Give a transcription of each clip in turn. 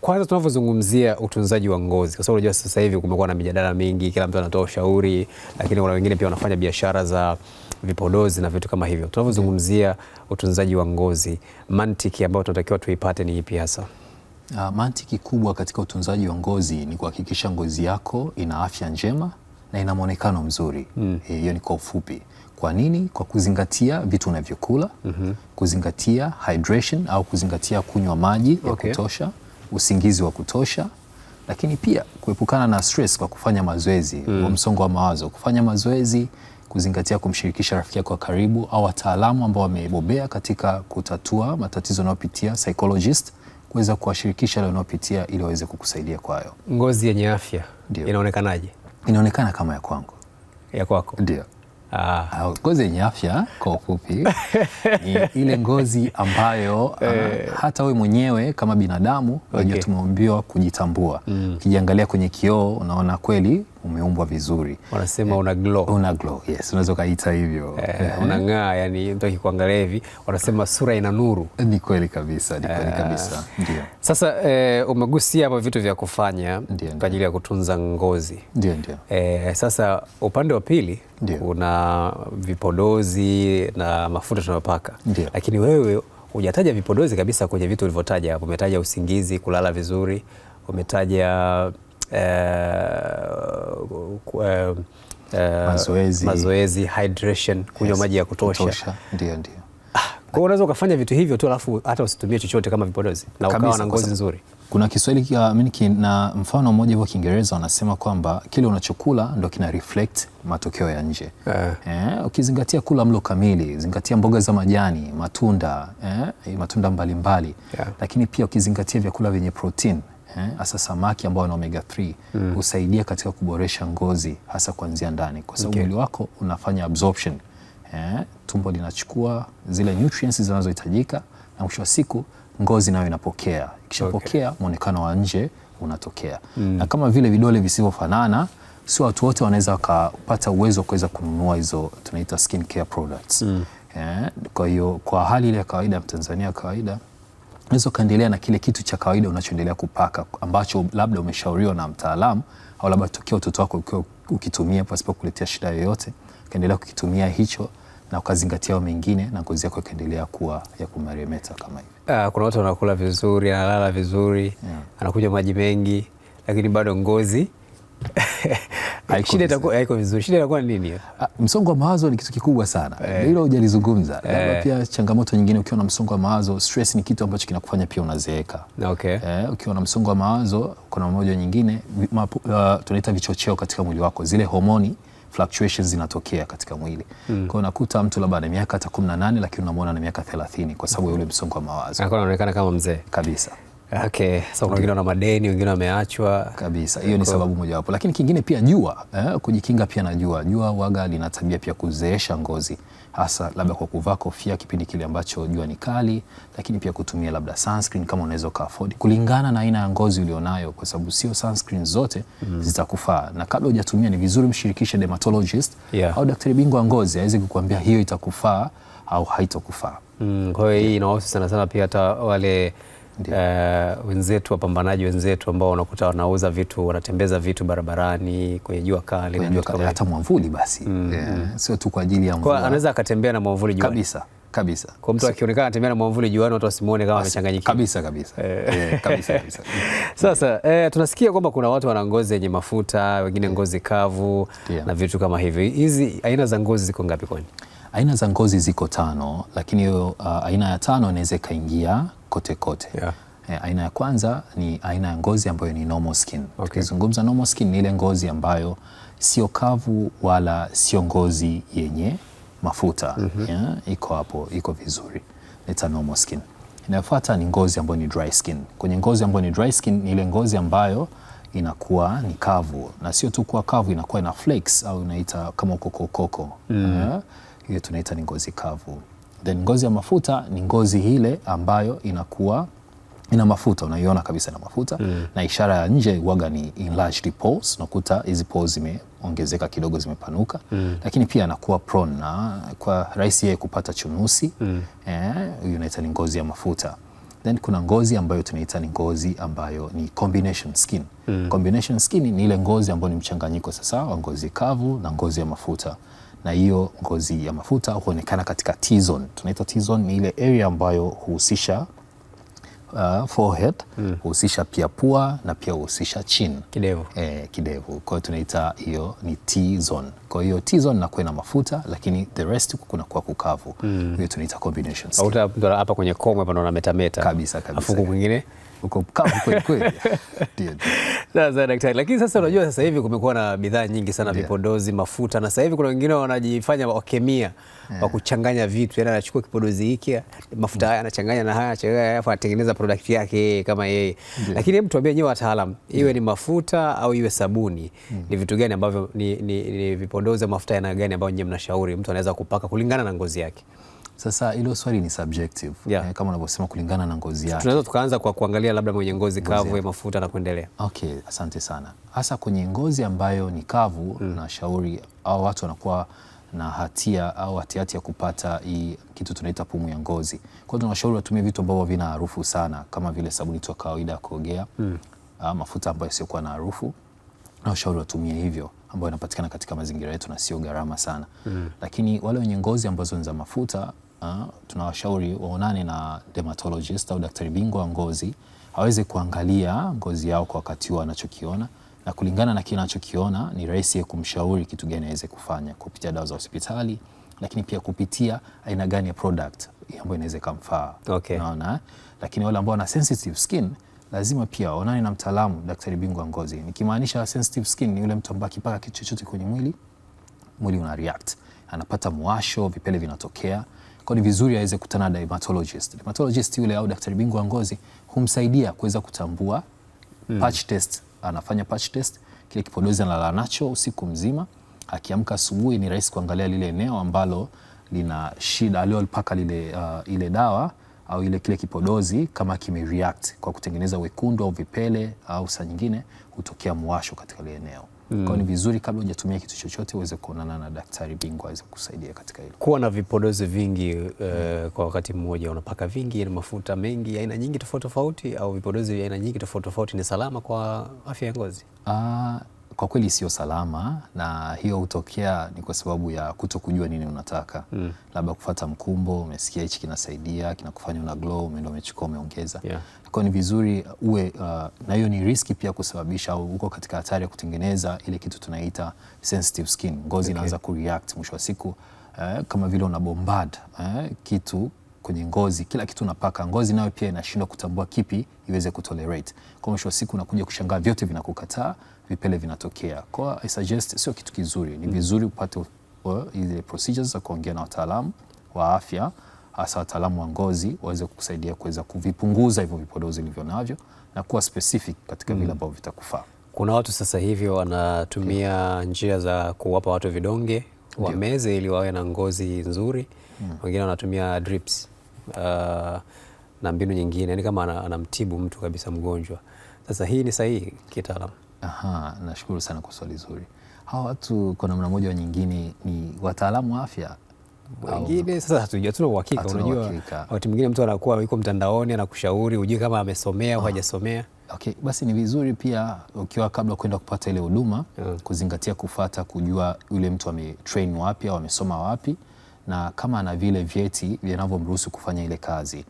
Kwanza tunavyozungumzia utunzaji wa ngozi, kwa sababu unajua sasa hivi kumekuwa na mijadala mingi, kila mtu anatoa ushauri, lakini kuna wengine pia wanafanya biashara za vipodozi na vitu kama hivyo. Tunavyozungumzia utunzaji wa ngozi, mantiki ambayo tunatakiwa tuipate ni ipi hasa? Uh, mantiki kubwa katika utunzaji wa ngozi ni kuhakikisha ngozi yako ina afya njema na ina mwonekano mzuri hmm. eh, hiyo. Mm. E, ni kwa ufupi. Kwa nini? Kwa kuzingatia vitu unavyokula. Mm -hmm. Kuzingatia hydration au kuzingatia kunywa maji okay, ya kutosha usingizi wa kutosha, lakini pia kuepukana na stress kwa kufanya mazoezi mm. wa msongo wa mawazo, kufanya mazoezi, kuzingatia kumshirikisha rafiki yako wa karibu au wataalamu ambao wamebobea katika kutatua matatizo unayopitia, psychologist kuweza kuwashirikisha leo unaopitia ili waweze kukusaidia kwayo. Ngozi yenye afya inaonekanaje? Inaonekana kama ya kwangu, ya kwako? Ndio. Ah. Ngozi yenye afya kwa ufupi ni ile ngozi ambayo uh, hata wewe mwenyewe kama binadamu unajua, okay, tumeambiwa kujitambua. Mm. Ukijiangalia mm, kwenye kioo unaona kweli umeumbwa vizuri, wanasema una glow. Una glow, yes, unaweza ukaita hivyo eh, unang'aa, yani mtu akikuangalia hivi wanasema sura ina nuru. Ni kweli kabisa, ni kweli eh, kabisa, ndio. Sasa eh, umegusia hapa vitu vya kufanya kwa ajili ya kutunza ngozi, ndio, ndio. Eh, sasa upande wa pili kuna vipodozi na mafuta tunayopaka, lakini wewe hujataja vipodozi kabisa kwenye vitu ulivyotaja hapo. Umetaja usingizi, kulala vizuri, umetaja uh, uh, mazoezi, mazoezi, hydration, kunywa yes, maji ya kutosha, kutosha. Ndio, ndio. Ah, kwa unaweza ukafanya vitu hivyo tu alafu hata usitumie chochote kama vipodozi na ukawa na ngozi nzuri. Kuna Kiswahili uh, na mfano mmoja hivyo Kiingereza wanasema kwamba kile unachokula ndo kina reflect matokeo ya nje. Eh. eh, ukizingatia kula mlo kamili, zingatia mboga za majani, matunda, eh, matunda mbalimbali mbali. Yeah. Lakini pia ukizingatia vyakula vyenye protein Eh, hasa samaki ambao wana omega 3 mm. husaidia katika kuboresha ngozi hasa kuanzia ndani, kwa sababu mwili okay. wako unafanya absorption eh, tumbo linachukua zile nutrients zinazohitajika na mwisho wa siku ngozi nayo inapokea, ikishapokea okay. mwonekano wa nje unatokea mm. na kama vile vidole visivyofanana sio watu wote wanaweza wakapata uwezo wa kuweza kununua hizo tunaita skin care products mm. yeah, kwa hiyo kwa hali ile ya kawaida Mtanzania kawaida unaweza ukaendelea na kile kitu cha kawaida unachoendelea kupaka ambacho labda umeshauriwa na mtaalamu au labda tokea utoto wako ukiwa ukitumia pasipo kuletea shida yoyote, ukaendelea kukitumia hicho na ukazingatia mengine na ngozi yako ikaendelea kuwa ya kumeremeta kama hivi. Uh, kuna watu wanakula vizuri, analala vizuri, yeah. Anakunywa maji mengi lakini bado ngozi Eh, shida haiko vizuri. Shida itakuwa ni nini? Ah, msongo wa mawazo ni kitu kikubwa sana, eh. hilo hujalizungumza. Eh. Labda pia changamoto nyingine, ukiwa na msongo wa mawazo, stress ni kitu ambacho kinakufanya pia unazeeka. Okay. Eh, ukiwa na msongo wa mawazo, kuna moja nyingine uh, tunaita vichocheo katika mwili wako, zile homoni fluctuations zinatokea katika mwili. Mm. Kwa unakuta mtu labda ana miaka hata 18 lakini unamwona na miaka 30 kwa sababu ya ule msongo wa mawazo. anaonekana kama mzee kabisa. Okay. So, wengine wana madeni, wengine wameachwa kabisa. Hiyo ni sababu mojawapo, lakini kingine pia jua eh, kujikinga pia na jua. Jua waga lina tabia pia kuzeesha ngozi, hasa labda kwa kuvaa kofia kipindi kile ambacho jua ni kali, lakini pia kutumia labda sunscreen kama unaweza ka afford, kulingana na aina ya ngozi ulionayo, kwa sababu sio sunscreen zote mm, zitakufaa. Na kabla hujatumia ni vizuri mshirikishe dermatologist yeah, au daktari bingwa ngozi aweze kukuambia hiyo itakufaa au haitokufaa. Mm, kwa hiyo hii inahusu sana sana pia hata wale uh, wenzetu wapambanaji wenzetu ambao wanakuta wanauza vitu wanatembeza vitu barabarani kwenye jua kali na jua hata mwamvuli basi mm. yeah. Mm. sio tu kwa ajili ya mvua, anaweza akatembea na mwamvuli jua kabisa kabisa kwa mtu akionekana anatembea na mwamvuli juani watu wasimuone kama amechanganyikiwa kabisa kabisa. yeah, eh, kabisa, kabisa. Sasa eh, tunasikia kwamba kuna watu wana ngozi yenye mafuta wengine ngozi kavu yeah. na vitu kama hivi. Hizi aina za ngozi ziko ngapi kwani? Aina za ngozi ziko tano, lakini uh, aina ya tano inaweza ikaingia kote kote yeah. E, aina ya kwanza ni aina ya ngozi ambayo ni normal skin. Okay. Tukizungumza normal skin ni ile ngozi ambayo sio kavu wala sio ngozi yenye mafuta mm -hmm. Yeah, iko hapo, iko vizuri, a normal skin. Inayofuata ni ngozi ambayo ni dry skin. Kwenye ngozi ambayo ni dry skin ni ile ngozi ambayo inakuwa ni kavu, na sio tu kuwa kavu, inakuwa ina flakes au inaita kama ukokokoko. mm. hiyo tunaita ni ngozi kavu. Then ngozi ya mafuta ni ngozi ile ambayo inakuwa ina mafuta, unaiona kabisa ina mafuta mm. na ishara ya nje waga ni enlarged pores, nakuta hizi pores zimeongezeka kidogo, zimepanuka mm. lakini pia anakuwa prone na kwa rahisi yeye kupata chunusi mm. eh, unaita ni ngozi ya mafuta. Then kuna ngozi ambayo tunaita ni ngozi ambayo ni combination skin mm. combination skin ni ile ngozi ambayo ni mchanganyiko sasa wa ngozi kavu na ngozi ya mafuta na hiyo ngozi ya mafuta huonekana katika T-zone. Tunaita T-zone ni ile area ambayo huhusisha uh, forehead mm. huhusisha pia pua na pia huhusisha chin kidevu. Eh, kidevu. Kwa hiyo tunaita hiyo ni T-zone. Kwa hiyo T-zone nakuwa na mafuta lakini the rest kuna kwa kukavu. Mm. Hiyo mm. tunaita combination. Hapa kwenye komo hapa naona metameta. Kabisa kabisa. Afu kwingine uko mkavu kweli kweli. Sasa daktari, lakini sasa unajua sasa hivi kumekuwa na bidhaa nyingi sana yeah. vipodozi, mafuta na sasa hivi kuna wengine wanajifanya wakemia yeah. Hmm. wa kuchanganya vitu, yani anachukua kipodozi hiki mafuta haya anachanganya na haya anachanganya, afu anatengeneza product yake kama yeye yeah. Lakini hebu tuambie nyewe wataalamu, iwe ni mafuta au iwe sabuni mm. ni vitu gani ambavyo ni, ni, ni vipodozi au mafuta yana gani ambayo nyewe mnashauri mtu anaweza kupaka kulingana na ngozi yake? Sasa hilo swali ni subjective yeah. Eh, kama unavyosema kulingana na ngozi yake. Tunaweza tukaanza kwa kuangalia labda mwenye ngozi kavu ya mafuta na kuendelea. Okay, asante sana. Hasa kwenye ngozi ambayo ni kavu mm. Nashauri au watu wanakuwa na hatia au hatihati ya kupata hii kitu tunaita pumu ya ngozi. Kwa hiyo tunashauri watumie vitu ambavyo vina harufu sana kama vile sabuni tu kawaida ya kuogea mm. mafuta ambayo siokuwa na harufu na ushauri watumie hivyo ambayo inapatikana katika mazingira yetu na sio gharama sana mm. Lakini wale wenye ngozi ambazo ni za mafuta uh, tunawashauri waonane na dermatologist au daktari bingwa wa ngozi aweze kuangalia ngozi yao kwa wakati huo anachokiona, na kulingana na kile anachokiona ni rahisi kumshauri kitu gani aweze kufanya kupitia dawa za hospitali, lakini pia kupitia aina gani ya product ambayo inaweza kumfaa. Okay. Naona, eh? lakini wale ambao wana sensitive skin lazima pia waonane na mtaalamu daktari bingwa ngozi. Nikimaanisha sensitive skin ni yule mtu ambaye akipaka kitu chochote kwenye mwili, mwili una react, anapata mwasho, vipele vinatokea. Kwa ni vizuri aweze kutana na dermatologist. Dermatologist yule au daktari bingwa ngozi humsaidia kuweza kutambua mm. patch test, anafanya patch test, kile kipodozi analala nacho usiku mzima, akiamka asubuhi ni rahisi kuangalia lile eneo ambalo lina shida aliyolipaka lile, uh, ile dawa au ile kile kipodozi kama kimereact kwa kutengeneza wekundu au vipele au saa nyingine hutokea mwasho katika ile eneo. Mm. Kwa ni vizuri kabla hujatumia kitu chochote uweze kuonana na daktari bingwa aweze kusaidia katika hilo. Kuwa na vipodozi vingi eh, mm. uh, kwa wakati mmoja unapaka vingi na mafuta mengi aina nyingi tofauti tofauti au vipodozi vya aina nyingi tofauti tofauti ni salama kwa afya ya ngozi? Uh, kwa kweli sio salama, na hiyo hutokea ni kwa sababu ya kuto kujua nini unataka mm. labda kufata mkumbo, umesikia hichi kinasaidia, kinakufanya una glow, umeenda umechukua, umeongeza yeah. Kwa ni vizuri uh, uwe uh, na hiyo ni riski pia kusababisha au uko katika hatari ya kutengeneza ile kitu tunaita sensitive skin, ngozi inaanza okay. kureact mwisho wa siku uh, kama vile una bombard uh, kitu kwenye ngozi, kila kitu unapaka ngozi, nayo pia inashindwa kutambua kipi iweze kutolerate. Kwa mwisho wa siku unakuja kushangaa vyote vinakukataa, vipele vinatokea. Kwa I suggest sio kitu kizuri, ni vizuri upate uh, ile procedures za kuongea na wataalamu wa afya, hasa wataalamu wa ngozi waweze kukusaidia kuweza kuvipunguza hivyo vipodozi ulivyo navyo na kuwa specific katika vile mm. ambavyo vitakufaa. Kuna watu sasa hivi wanatumia njia za kuwapa watu vidonge wameze ili wawe na ngozi nzuri. Mm. Wengine wanatumia drips uh, na mbinu nyingine, ni kama anamtibu mtu kabisa mgonjwa. Sasa hii ni sahihi kitaalamu? Aha, nashukuru sana kwa swali zuri. Hawa watu kwa namna moja nyingine ni wataalamu wa afya wengine sasa, hatujua tuna uhakika. Unajua, wakati mwingine mtu anakuwa yuko mtandaoni anakushauri, hujui kama amesomea au ah, hajasomea. Okay, basi ni vizuri pia ukiwa kabla kwenda kupata ile huduma mm, kuzingatia, kufata, kujua yule mtu ametrain wapi au amesoma wapi na kama ana vile vyeti vinavyomruhusu kufanya ile kazi,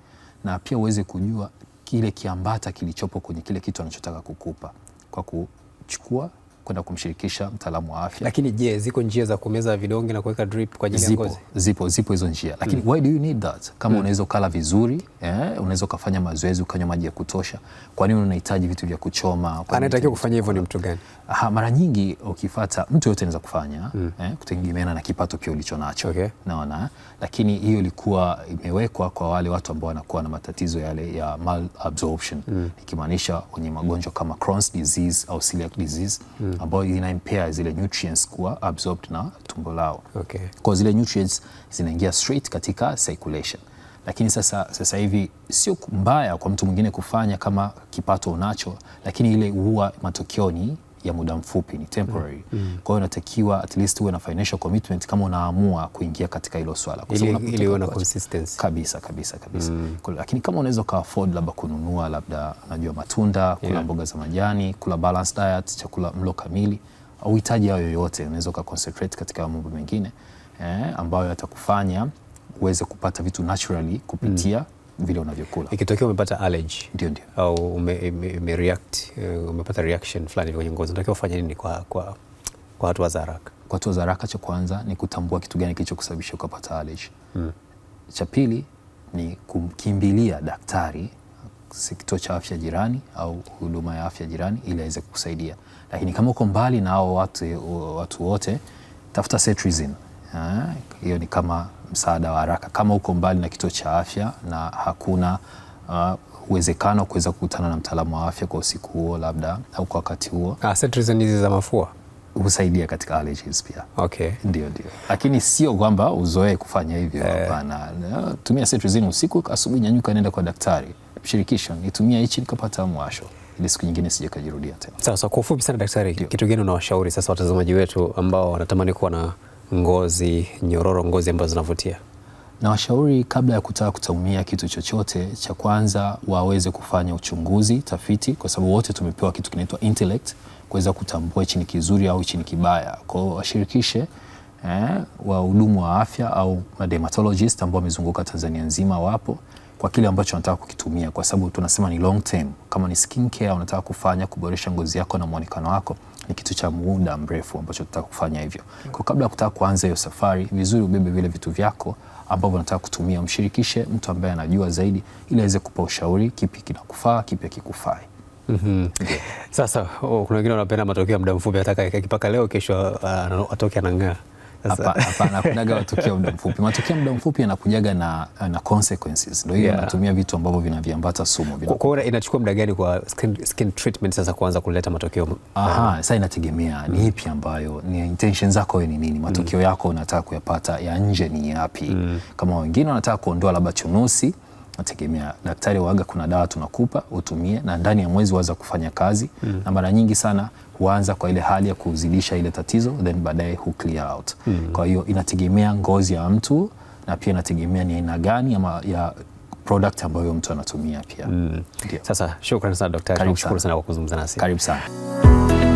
na pia uweze kujua kile kiambata kilichopo kwenye kile kitu anachotaka kukupa kwa kuchukua kwenda kumshirikisha mtaalamu wa afya. Lakini je, ziko njia za kumeza vidonge na kuweka drip kwa ajili ya ngozi? Zipo, zipo hizo njia, lakini mm. why do you need that? Kama mm. unaweza ukala vizuri eh, unaweza ukafanya mazoezi ukanywa maji ya kutosha. Kwa nini unahitaji vitu vya kuchoma? Anatakiwa kufanya hivyo ni mtu gani? Aha, mara nyingi ukifuata mtu yote anaweza kufanya mm. eh, kutegemeana na kipato pia ulicho nacho okay. Naona, lakini hiyo ilikuwa imewekwa kwa wale watu ambao wanakuwa na matatizo yale ya malabsorption mm. ikimaanisha wenye magonjwa kama Crohn's disease au celiac disease mm. ambayo ina impair zile nutrients kuwa absorbed na tumbo lao okay. Kwa zile nutrients zinaingia straight katika circulation lakini sasa, sasa hivi sio mbaya kwa mtu mwingine kufanya kama kipato unacho, lakini ile huwa matokeo ni ya muda mfupi, ni temporary. Mm. Mm. Kwa hiyo unatakiwa at least uwe na financial commitment kama unaamua kuingia katika hilo swala, kwa sababu ili uwe na consistency kabisa kabisa kabisa. Mm. Lakini kama unaweza ka afford labda kununua labda unajua matunda, kula yeah, mboga za majani, kula balanced diet, chakula mlo kamili, au hitaji hayo yoyote, unaweza ka concentrate katika mambo mengine eh, ambayo yatakufanya uweze kupata vitu naturally kupitia mm. vile unavyokula. Ikitokea umepata allergy, ndio ndio, au ume, ume ume react, uh, umepata reaction fulani kwenye ngozi, unatakiwa ufanye nini kwa, kwa, kwa hatua za haraka? Kwa hatua za haraka, cha kwanza ni kutambua kitu gani kilichokusababisha ukapata allergy mm. cha pili ni kumkimbilia daktari kituo cha afya jirani au huduma ya afya jirani ili aweze kukusaidia, lakini kama uko mbali na hao watu, watu wote tafuta cetirizine. Ah, hiyo ni kama msaada wa haraka kama uko mbali na kituo cha afya na hakuna uh, uwezekano kuweza kukutana na mtaalamu wa afya kwa usiku huo labda au kwa wakati huo. Ah, Cetirizine hizi za mafua husaidia katika allergies pia. Okay. Ndio, ndio, lakini sio kwamba uzoee kufanya hivyo, eh. hapana. Eh. Tumia cetirizine usiku, asubuhi nyanyuka, nenda kwa daktari, Shirikisho, nitumia hichi nikapata mwasho ili siku nyingine sije kujirudia tena. Sasa kwa ufupi sana daktari, kitu gani unawashauri sasa watazamaji wetu ambao wanatamani kuwa na ngozi nyororo, ngozi ambazo zinavutia? Na washauri kabla ya kutaka kutaumia kitu chochote, cha kwanza waweze kufanya uchunguzi, tafiti, kwa sababu wote tumepewa kitu kinaitwa intellect kuweza kutambua hichi ni kizuri au hichi ni kibaya. Kwa hiyo washirikishe eh, wahudumu wa afya au dermatologist ambao wamezunguka Tanzania nzima wapo kwa kile ambacho wanataka kukitumia, kwa sababu tunasema ni long term. Kama ni skincare unataka kufanya kuboresha ngozi yako na muonekano wako ni kitu cha muda mrefu ambacho tutataka kufanya hivyo. Kwa kabla ya kutaka kuanza hiyo safari, vizuri ubebe vile vitu vyako ambavyo unataka kutumia, mshirikishe mtu ambaye anajua zaidi ili aweze kupa ushauri, kipi kinakufaa, kipi kikufai Mm -hmm. Sasa oh, kuna wengine wanapenda matokeo ya muda mfupi, ataka kipaka leo, kesho uh, atoke anang'aa. Hapana, kunaga matukio muda mfupi. Matukio muda mfupi yanakujaga na, na consequences. Ndio hiyo yeah. vitu ambavyo vinaviambata sumu. Kwa inachukua muda gani kwa skin, skin treatment sasa kuanza kuleta matokeo? Aha, um, sasa inategemea ni mm. ipi ambayo ni intention zako ni nini, matokeo mm. yako unataka kuyapata ya nje ni yapi? Mm. Kama wengine wanataka kuondoa labda chunusi nategemea daktari waaga, kuna dawa tunakupa utumie, na ndani ya mwezi waza kufanya kazi mm. na mara nyingi sana huanza kwa ile hali ya kuzidisha ile tatizo then baadaye hu clear out. Mm. Kwa hiyo inategemea ngozi ya mtu na pia inategemea ni aina gani ama ya product ambayo mtu anatumia pia. Mm. Sasa shukrani sana daktari, tunashukuru sana kwa kuzungumza nasi. Karibu sana.